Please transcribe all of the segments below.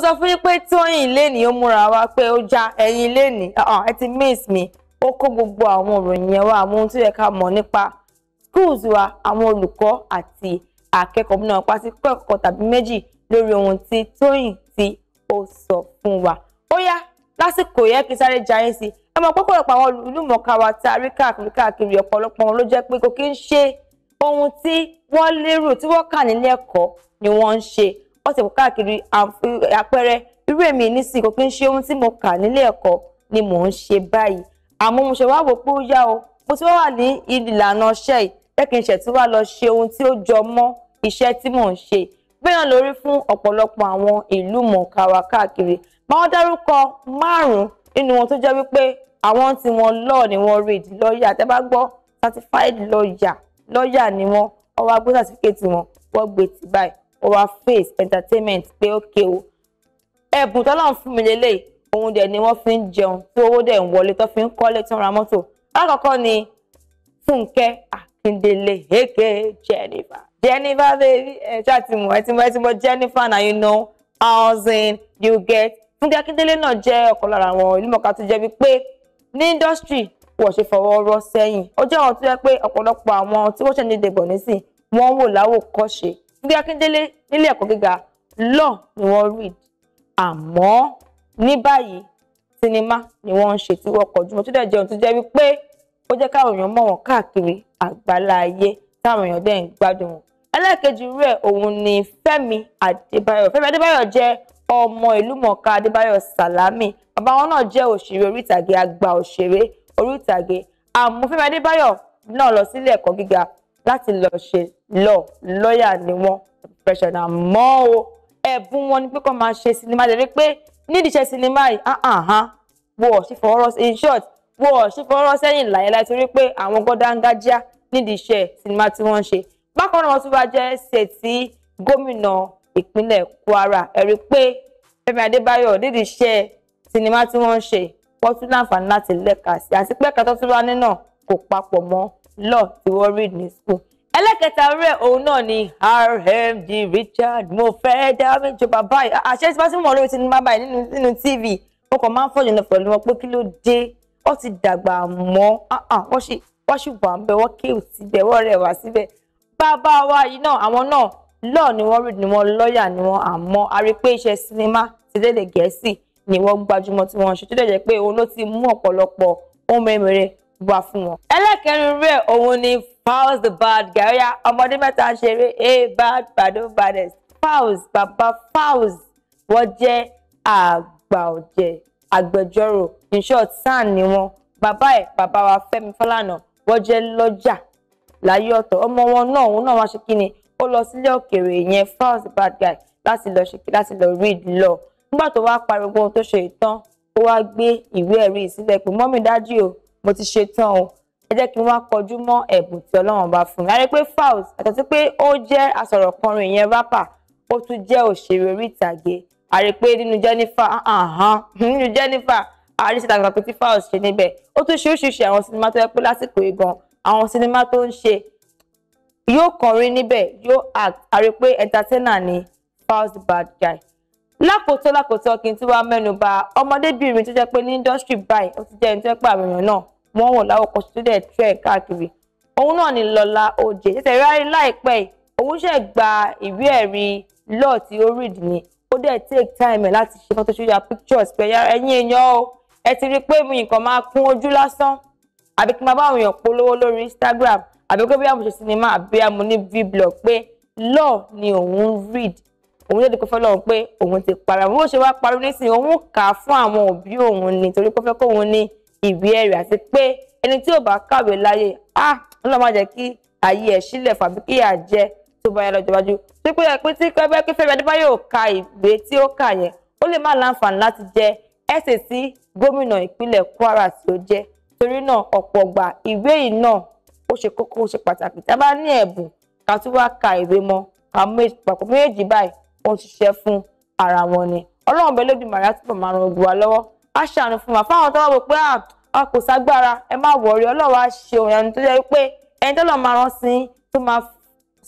mo sọ fún yín pé tóyìn lẹ́nìí ó múra wá pé ó já ẹyin lẹ́nìí ẹ ti miss mi ó kó gbogbo àwọn òròyìn yẹn wá àwọn ohun tó yẹ ká mọ̀ nípa schools wa àwọn olùkọ́ àti akẹ́kọ̀ọ́ náà pàṣẹ kẹ́kọ̀ọ́ tàbí méjì lórí ohun tí tóyìn tí ó sọ fún wa ó yá lásìkò yẹ kí sáré jayé sí ẹ mọ̀ pọ́pọ́lọpọ̀ àwọn olùmọ̀ọ́ká wa tá a rí káàkiri káàkiri ọ̀pọ̀lọpọ̀ wọn ló jẹ́ pé kò kí ń ṣe ohun tí wọ́n lérò tí wọ́n kà nílé ẹ̀kọ́ ni wọ́n ń ṣe wọ́n ti kó káàkiri àpẹẹrẹ irú èmi nísìnyí kò kí ń ṣe ohun tí mo kà nílé ẹ̀kọ́ ni mò ń ṣe báyìí àmọ́ mo ṣe wá wò pé ó yá o mo ti wá wà ní ìlànà iṣẹ́ yìí jẹ́ kí n ṣẹ̀ tí wá lọ ṣe ohun tí ó jọ mọ́ iṣẹ́ tí mò ń ṣe gbéyàn lórí fún ọ̀pọ̀lọpọ̀ àwọn ìlú mọ̀ọ́ká wa káàkiri máa dárúkọ márùn-ún nínú wọn tó jẹ́ wípé àwọn tí wọ́n lọ́ọ̀ ni wọ́n read lọ́ọ̀yà tẹ́ bá gbọ́ certified lọ́ọ̀yà lọ́ọ̀yà ni wọ́n ọwọ́ agbó certificate wọn wọ́n gbé tì báyìí over face entertainment pé ókè o ẹ̀bùn tọ́lọ́run fún mi lélẹ́yìí òun dẹ̀ ni wọ́n fi ń jẹun tí owó dẹ̀ ń wọlé tó fi ń kọ́lé tó ń ra mọ́tò lákọ̀ọ́kọ́ ni Fúnkẹ́ Akíndélé aka Jennifer Jennifer baby ẹ ṣáà ti mọ̀ ẹ ti mọ̀ ẹ ti mọ̀ Jennifer na you know housing you get Fúnkẹ́ Akíndélé náà jẹ́ ọ̀kan lára àwọn ìlúmọ̀ọ́ká tó jẹ́ wípé ní industry wọ́n ṣe fọwọ́ rọ́ sẹ́yìn ó jẹ́ àwọn tó yẹ pé ọ̀pọ̀lọpọ̀ àwọn tí wọ́n ṣẹ̀ ní ìdìbò nísìn wọ́n wò láwòkọ́ṣe bí Akíndélé nílé ẹ̀kọ́ gíga law ni wọ́n read àmọ́ ní báyìí sinimá ni wọ́n ń ṣe tí wọ́n kọjú mọ́ tó dẹ̀ jẹun tó jẹ́ wípé ó jẹ́ káwọn èèyàn mọ̀ wọ́n káàkiri àgbáláyé táwọn èèyàn dẹ̀ ń gbádùn wọn. ẹlẹ́ẹ̀kejì rẹ̀ òun ni Fẹ́mi Adébáyọ̀ Fẹ́mi Adébáyọ̀ jẹ́ ọmọ ìlúmọ̀ọ́ká Adébáyọ̀ Sàlámì bàbá wọn náà jẹ́ òṣèré orí ìtàgé àgbà òṣèré orí àmọ́ Fẹ́mi Adébáyọ̀ náà lọ sílé ẹ̀kọ́ gíga láti lọ ṣe law lọ́ọ̀yà ni wọ́n professional mọ́ o ẹ̀bùn wọn ni pé kọ́ máa ṣe sinimá lè rí pé nídìí iṣẹ́ sinimá yìí ah, ah, ah. wọ́n ò sì fọwọ́rọ́ in short wọ́n ò sì fọwọ́rọ́ sẹ́yìn láyéláyé torí pé àwọn gbọ́dángájíá nídìí iṣẹ́ sinimá tí wọ́n ń ṣe bákan náà wọ́n tún bá jẹ́ ṣe ti gómìnà ìpínlẹ̀ Kwara ẹ̀rí pé Fẹ́mi Adébáyọ̀ nídìí iṣẹ́ sinimá tí wọ́n ń ṣe wọ́n tún láǹfààní láti lẹ́ka sí àti pé ẹ̀ka tó tún wá nínà kò papọ̀ mọ́ law tí wọ́n read ní school ẹlẹ́kẹta rẹ̀ òun náà ni RMD Richard mo fẹ́ dá mi jọ bàbá yìí àṣẹ tí wọ́n ti mọ̀ lórí sinimá báyìí nínú nínú TV mo kàn máa ń fọ̀jọ̀ lọ pẹ̀lú wọn pé kí ló dé wọ́n ti dàgbà mọ́ ah, ah, wọ́n sì wọ́n sì wà ń bẹ wọ́n kéwù síbẹ̀ wọ́n rẹwà síbẹ̀ bàbá wa yìí náà àwọn náà lọ́ọ̀ ni wọ́n rí ni wọ́n lọ́ọ̀yà ni wọ́n àmọ́ a rí pé iṣẹ́ sinimá ti dédé gẹ̀ẹ́sì ni wọ́n gbajúmọ̀ tí wọ́n ṣe tó dẹ̀ jẹ́ pé òun ló ti mú ọ̀pọ̀lọpọ̀ ohun mèremère wà fún wọn. ẹlẹ́kẹrin rẹ̀ òun ni Falz the bad guy ọ̀yà ọmọdé mẹ́ta ṣeré a bad pado badness Falz baba Falz wọ́n jẹ́ àgbà ọ̀jẹ̀ agbẹjọ́rò in short SAN ni wọ́n bàbá ẹ̀ bàbá wa Fẹ́mi Fálànà wọ́n jẹ́ lọ́jà láyé ọ̀tọ̀ ọmọ wọn náà òun náà wá ṣe kí ni ó lọ sílé òkèèrè yẹn Falz the bad guy láti lọ ṣe láti lọ read law nígbà tó wá pariwo ohun tó ṣe ìtàn ó wá gbé ìwé ẹ̀rí sílẹ̀ pé mọ́mí dájú o mo ti ṣe tán o ẹ jẹ́ kí n wá kọjú mọ́ ẹ̀bùn tí ọlọ́run bá fún mi. a rí i pé Falz àtàtí pé ó jẹ́ asọ̀rọ̀kọrin ìyẹn rapper ó tún jẹ́ òṣèré orí ìtàgé a i pé nínú Jennifer nínú Jennifer a rí síta àgbàpẹ́ tí Falz ṣe níbẹ̀ ó tún ṣe oríṣiríṣi àwọn sinimá tó yẹ pé lásìkò ìgbọ̀n àwọn sinimá tó ń ṣe yóò kọrin níbẹ̀ yóò act a pé entertainer ni Falz bad guy lákòótọ́ lákòótọ́ kí n tí wàá mẹ́nu bà ọmọdébìnrin tó jẹ́ pé ní industry báyìí ó ti jẹ́ ẹni tó jẹ́ pé àwọn èèyàn náà wọ́n wọ̀ láwòkọ́ tó dẹ̀ fẹ́ káàkiri òun náà ni Lọ́lá Òjé tètè rárí láìpẹ́ yìí òun ṣẹ̀ gba ìwé ẹ̀rí lọ́ọ̀ tí ó read ni ó dẹ̀ take time láti ṣe photoshoot pictures pé ẹ̀yin èèyàn o ẹ ti rí i pé mi nǹkan máa kún ojú lásán àbí kí n máa bá àwọn èèyàn polówó lórí Instagram àbí pé bí a mo ṣe sinimá àbí a mo ní vblog pé lọ́ọ̀ ni òun read òun ló di kọfẹ lọhùn pé òun ti para bó ṣe wá parí nísìnyí òun kà á fún àwọn òbí òun ni torí kọfẹ kóun ní ìwé ẹ̀rí àti pé ẹni tí ò bá kàwé láyé ah Ọlọ́run má jẹ́ kí ayé ẹ̀ sílẹ̀ fàbí kí ìyà jẹ tó bá yẹ lọ́jọ́ iwájú tó pé pé tí pẹ́pẹ́ pé Fẹ́mi Adébáyọ̀ ka ìwé tí ó kà yẹn ó lè má láǹfààní láti jẹ ẹ̀sẹ̀ sí gómìnà ìpínlẹ̀ Kwara tí ó jẹ́ torí náà ọ̀pọ̀ ọgbà ìwé yìí náà ó ṣe kókó ó ṣe pàtàkì tá a bá ní ẹ̀bùn ká tún wá ka ìwé mọ́ àpò méjì báyìí wọ́n ṣiṣẹ́ fún ara wọn ni Ọlọ́run bẹ́ẹ̀ lódì màrí àtúbọ̀ máa ran ogun lọ́wọ́ á ṣàánú fún wa fáwọn tó wá wò pé a kò ságbára ẹ má wọrí ọlọ́wà ṣe òun ẹni tó jẹ́ pé ẹni tó lọ́ọ́ máa rán sí tó máa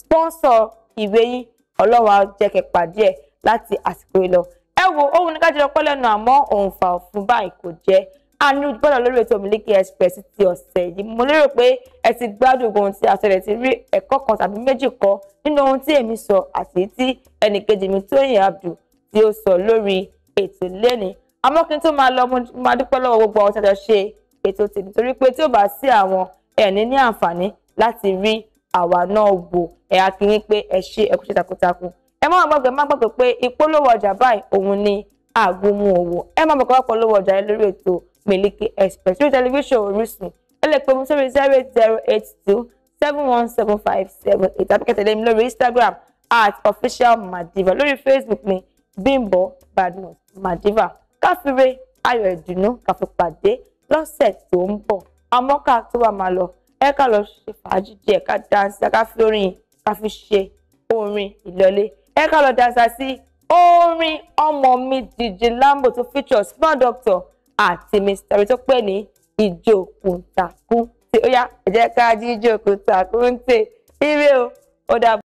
spọ́nsọ̀ ìwé yín ọlọ́wà jẹ́ kẹpà díẹ̀ láti àsìkò ìlọ ẹ wo ohun ní ká jẹ́ ọpẹ́ lẹ́nu àmọ́ òǹfà òfin báyìí kò jẹ́ àánú gbọ́dọ̀ lórí ètò Miliki Express ti ọ̀sẹ̀ yìí mo lérò pé ẹ ti gbádùn ohun tí àṣẹlẹ̀ ti rí ẹ̀kọ́ kan tàbí méjì kọ́ nínú ohun tí èmi sọ àti tí ẹnìkejì mi Tóyìn Abdul tí ó sọ lórí ètò lẹ́ni àmọ́ kí n tó máa lọ máa dúpẹ́ lọ́wọ́ gbogbo àwọn tẹ́jọ ṣe ètò tì nítorí pé tí ò bá sí àwọn ẹ̀ní ní àǹfààní láti rí àwa náà wò ẹ̀ akínyí pé ẹ ṣe ẹ kú ṣe takuntakun ẹ má gbàgbé má gbàgbé pé ìpolówó ọjà báyìí òun ni àgùnmu òwò ẹ má gbàgbé polówó ọjà yẹn lórí ètò Miliki Express lórí tẹlifíṣàn Orísun ẹ lè pè mí sórí zero eight zero eight two seven one seven five seven eight àbíkẹ́ tẹ̀lé mi lórí Instagram at official officialmadiva lórí Facebook mi Bimbo Badmus Madiva káfíre ayọ̀ ìdùnnú káfí pàdé lọ́sẹ̀ tó ń bọ̀ àmọ́ ká tó wà máa lọ ẹ ká lọ ṣe fàájì díẹ̀ ká dáńsá ká fi orin ká fi ṣe orin ìlọlé ẹ ká lọ dáńsá sí orin ọmọ mi DJ Lambo tó feature small doctor àti Mr. tó pè ní ìjó kùntàkùn tí ó yá ẹ jẹ́ ká jíjó kùntàkùn tè ire o ó dàbọ̀.